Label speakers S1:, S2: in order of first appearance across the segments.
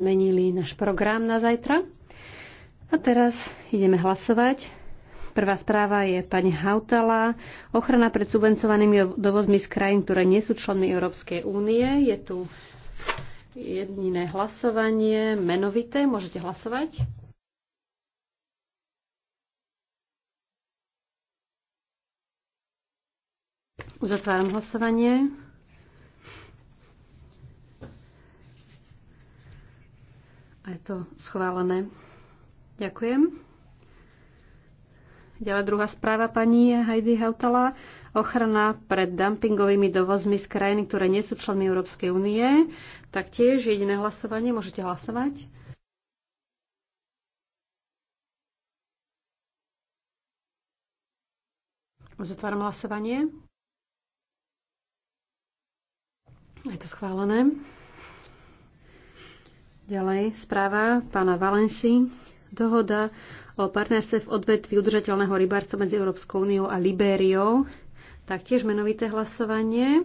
S1: menili náš program na zajtra. A teraz ideme hlasovať. Prvá správa je pani Hautala. Ochrana pred subvencovanými dovozmi z krajín, ktoré nie sú členmi Európskej únie. Je tu jediné hlasovanie, menovité. Môžete hlasovať. Uzatváram hlasovanie. A je to schválené. Ďakujem. Ďalej druhá správa pani Heidi Hautala. Ochrana pred dumpingovými dovozmi z krajiny, ktoré nie sú členmi Európskej únie. Taktiež jediné hlasovanie. Môžete hlasovať. Uzatváram hlasovanie. Je to schválené. Ďalej správa pána Valensi. Dohoda o partnerstve v odvetvi udržateľného rybárstva medzi Európskou úniou a Libériou. Taktiež menovité hlasovanie.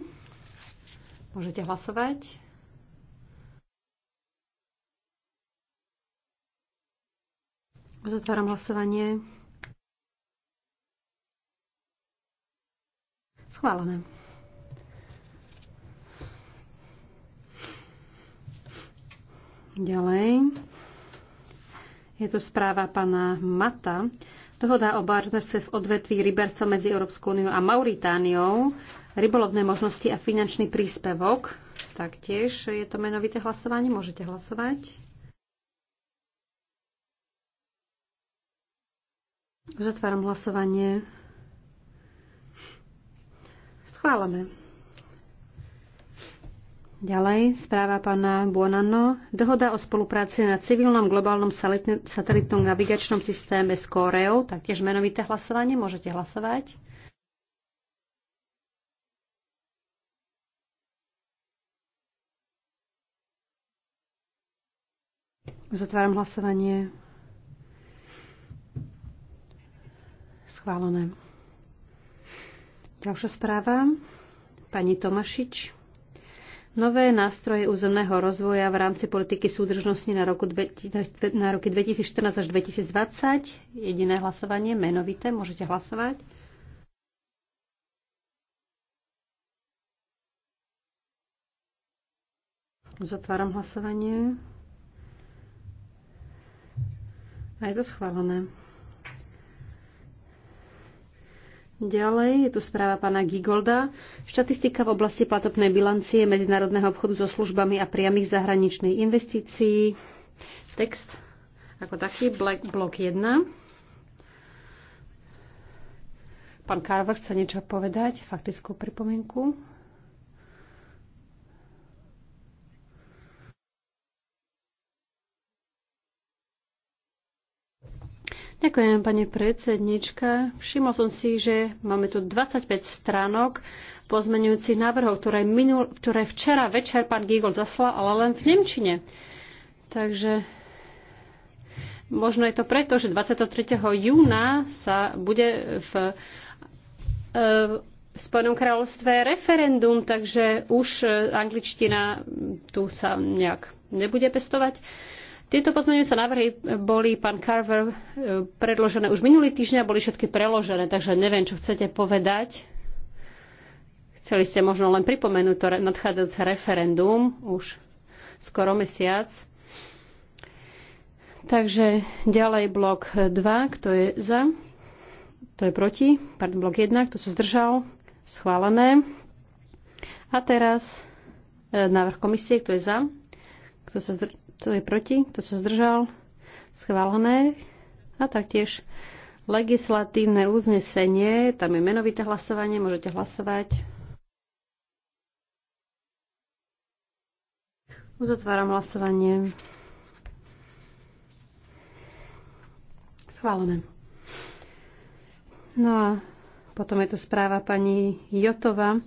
S1: Môžete hlasovať. Zatváram hlasovanie. Schválené. Ďalej. Je to správa pána Mata. Dohoda o partnerstve v odvetví rybercov medzi Európskou úniou a Mauritániou, rybolovné možnosti a finančný príspevok. Taktiež je to menovité hlasovanie. Môžete hlasovať. Zatváram hlasovanie. Schválame. Ďalej, správa pána Buonanno. Dohoda o spolupráci na civilnom globálnom satelitnom navigačnom systéme s Kóreou, taktiež menovité hlasovanie, môžete hlasovať. Zatváram hlasovanie. Schválené. Ďalšia správa. Pani Tomašič. Nové nástroje územného rozvoja v rámci politiky súdržnosti na, roku dve, na roky 2014 až 2020. Jediné hlasovanie, menovité, môžete hlasovať. Zatváram hlasovanie. A je to schválené. Ďalej je tu správa pána Gigolda. Štatistika v oblasti platobnej bilancie medzinárodného obchodu so službami a priamých zahraničných investícií. Text ako taký, blok 1. Pán Carver chce niečo povedať, faktickú pripomienku. Ďakujem, pani predsednička. Všimol som si, že máme tu 25 stránok pozmenujúcich návrhov, ktoré, minul, ktoré včera večer pán Gigol zaslal, ale len v Nemčine. Takže možno je to preto, že 23. júna sa bude v, e, v Spojenom kráľovstve referendum, takže už e, angličtina tu sa nejak nebude pestovať. Tieto pozmeňujúce návrhy boli, pán Carver, e, predložené už minulý týždeň a boli všetky preložené, takže neviem, čo chcete povedať. Chceli ste možno len pripomenúť to nadchádzajúce referendum, už skoro mesiac. Takže ďalej blok 2, kto je za, kto je proti, pardon, blok 1, kto sa zdržal, schválené. A teraz e, návrh komisie, kto je za, kto sa zdržal, kto je proti? Kto sa zdržal? Schválené. A taktiež legislatívne uznesenie. Tam je menovité hlasovanie. Môžete hlasovať. Uzatváram hlasovanie. Schválené. No a potom je tu správa pani Jotova.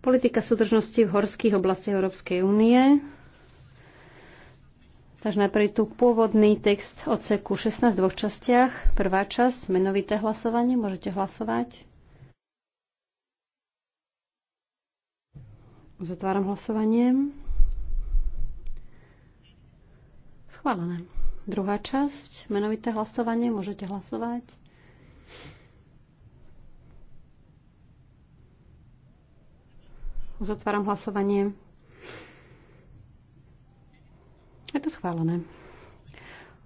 S1: Politika súdržnosti v horských oblastiach Európskej únie. Takže najprv tu pôvodný text odseku 16 v dvoch častiach. Prvá časť, menovité hlasovanie, môžete hlasovať. Zatváram hlasovanie. Schválené. Druhá časť, menovité hlasovanie, môžete hlasovať. Uzatváram hlasovanie. Je to schválené.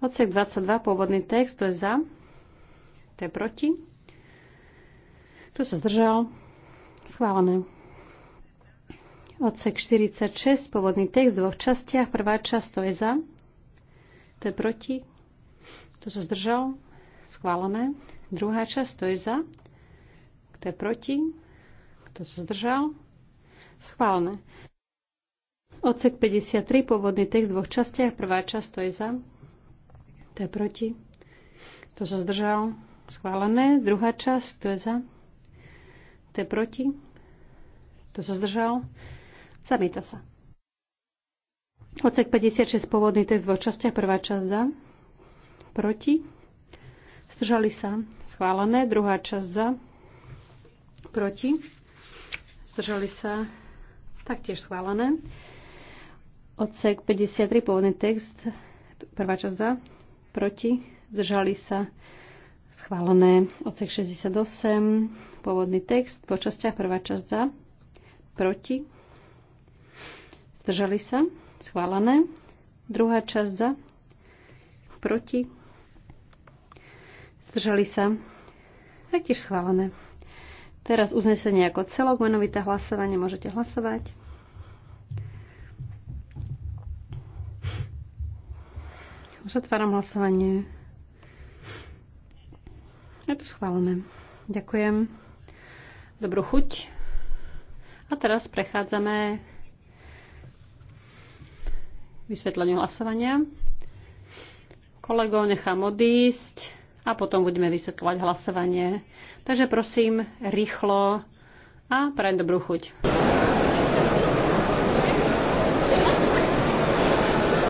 S1: Odsek 22, pôvodný text, to je za, to je proti. Tu sa zdržal? Schválené. Odsek 46, pôvodný text v dvoch častiach. Prvá časť, to je za, to je proti. Kto sa zdržal? Schválené. Druhá časť, to je za, kto je proti. Kto sa zdržal? Schválené. Odsek 53, pôvodný text v dvoch častiach. Prvá časť, to je za. To je proti. To sa zdržal. Schválené. Druhá časť, to je za. To je proti. To sa zdržal. Zamieta sa. Odsek 56, pôvodný text v dvoch častiach. Prvá časť za. Proti. Zdržali sa. Schválené. Druhá časť za. Proti. Zdržali sa. Taktiež schválené. Odsek 53, pôvodný text, prvá časť za, proti, zdržali sa schválené. Odsek 68, pôvodný text, po častiach, prvá časť za, proti, zdržali sa schválené. Druhá časť za, proti, zdržali sa taktiež schválené. Teraz uznesenie ako celok, menovité hlasovanie, môžete hlasovať. Uzatváram hlasovanie. Je to schválené. Ďakujem. Dobrú chuť. A teraz prechádzame vysvetleniu hlasovania. Kolego nechám odísť a potom budeme vysvetľovať hlasovanie. Takže prosím, rýchlo a prajem dobrú chuť.